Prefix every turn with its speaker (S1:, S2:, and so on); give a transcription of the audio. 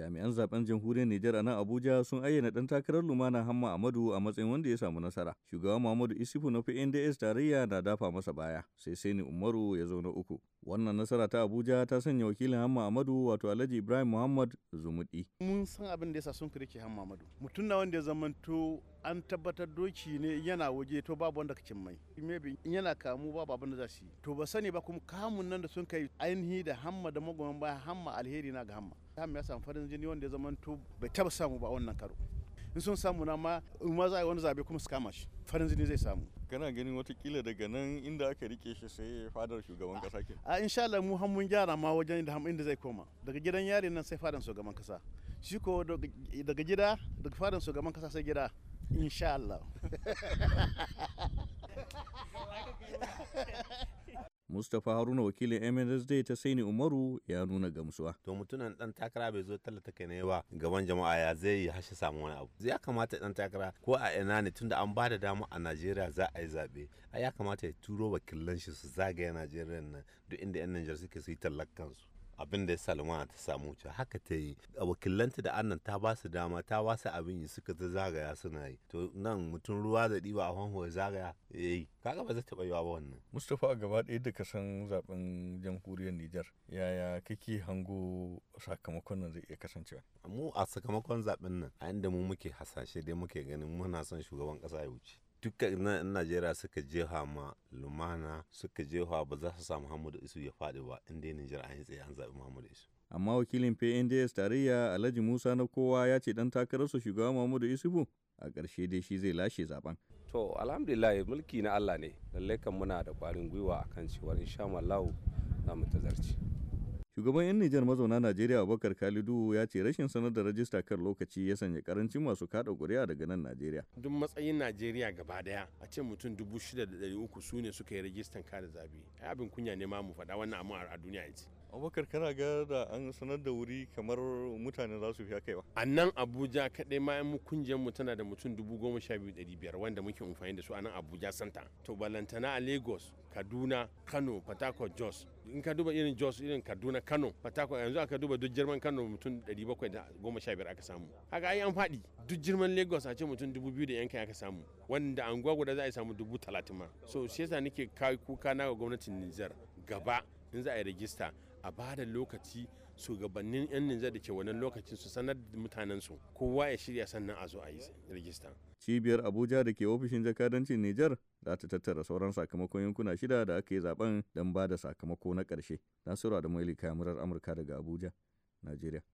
S1: jami'an zaben jamhuriyar Nijar a nan Abuja sun ayyana dan takarar Lumana Hamma Amadu a matsayin wanda ya samu nasara. shugaban Muhammadu Isifu na PNDS tarayya na dafa masa baya, sai sai Sani Umaru ya zo na uku. wannan nasara ta abuja ta sanya wakilin hamma amadu wato alhaji ibrahim muhammad zumudi.
S2: mun san abin da ya sa sun firke hamma amadu mutum na wanda ya zamanto an tabbatar doki ne yana waje to babu wanda kacin mai maybe in yana kamu babu abin da za su yi to ba sani ba kuma kamun nan da sun kai ainihi da hamma da magoman baya hamma alheri na ga hamma hamma ya samu farin jini wanda ya zamanto bai taba samu ba wannan karo in sun samu na ma in za a yi wani zabe kuma su kama shi farin jini zai samu kana ganin watakila daga nan inda aka rike shi sai fadar shugaban kasa ke a insha Allah mu hannun gyara ma wajen inda zai koma daga gidan yari nan sai fadar shugaban kasa shi ko daga gida daga fadar shugaban kasa sai gida insha Allah Mustapha
S3: Haruna wakilin MNSD ta Saini Umaru ya nuna gamsuwa. To mutunan dan takara bai zo tallata kai ne ba gaban jama'a ya zai yi hashe samu wani abu. Ya kamata dan takara ko a ina ne tunda an ba da dama a Najeriya za a yi zabe. ya kamata ya turo wakilan shi su zagaya Najeriya nan duk inda yan Najeriya suke su yi tallakan su. abin da ya sa lumana ta samu wuce haka ta yi a wakilanta da annan ta ba su dama ta ba su abin yi suka ta zagaya suna yi to nan mutum ruwa da ɗiba a hanhuwa zagaya yi kaga ba zai taɓa yiwa ba wannan
S1: mustapha gaba ɗaya da ka san zaben jamhuriyar nijar yaya kake hango sakamakon nan zai iya kasancewa
S3: mu a sakamakon zaben nan a inda mu muke hasashe dai muke ganin muna son shugaban ƙasa ya wuce duka na najeriya suka jefa ma lumana suka jefa ba za su samu muhammadu isu ya faɗi ba inda ya nijar an tsaye an zaɓi muhammadu isu
S1: amma wakilin pnds tarayya alhaji musa na kowa ya ce dan takararsa shugaba muhammadu isu a ƙarshe dai shi zai lashe zaɓen.
S3: to alhamdulillah mulki na allah ne lallai kan muna da ƙwarin gwiwa akan cewar insha
S4: allahu za mu tazarci
S1: Shugaban 'yan Nijar mazauna Najeriya Abubakar Khalidu ya ce rashin sanar da rajista kan lokaci ya sanya karancin masu kada ƙuri'a daga nan Najeriya.
S4: Duk matsayin Najeriya gaba daya a ce mutum dubu shida da ɗari uku su ne suka yi rajistan kada Ai Abin kunya ne ma mu faɗa wannan amma a duniya ya ce.
S1: abubakar kana ga da an sanar da wuri kamar mutane za su fi ba
S4: a nan abuja kaɗai ma mu kungiyar mu tana da mutum dubu goma sha biyu ɗari biyar wanda muke amfani da su a nan abuja santa to balantana a lagos kaduna kano fatako jos in ka duba irin jos irin kaduna kano fatako yanzu aka duba duk jirman kano mutum ɗari bakwai da goma sha biyar aka samu haka ai an faɗi duk jirman lagos a ce mutum dubu biyu da yanka aka samu wanda anguwa guda za a samu dubu talatin ma so shi yasa nake kai kuka na ga gwamnatin nijar gaba in za a yi rajista a ba da lokaci shugabannin 'yan Nijar da ke wannan lokacin su sanar da mutanensu kowa ya shirya sannan a zo a yi rijista.
S1: Cibiyar Abuja da ke ofishin jakadancin Nijar za ta tattara sauran sakamakon yankuna shida da aka yi zaben don ba da sakamako na karshe Nasiru Adamu Ali Kamurar Amurka daga Abuja, Najeriya.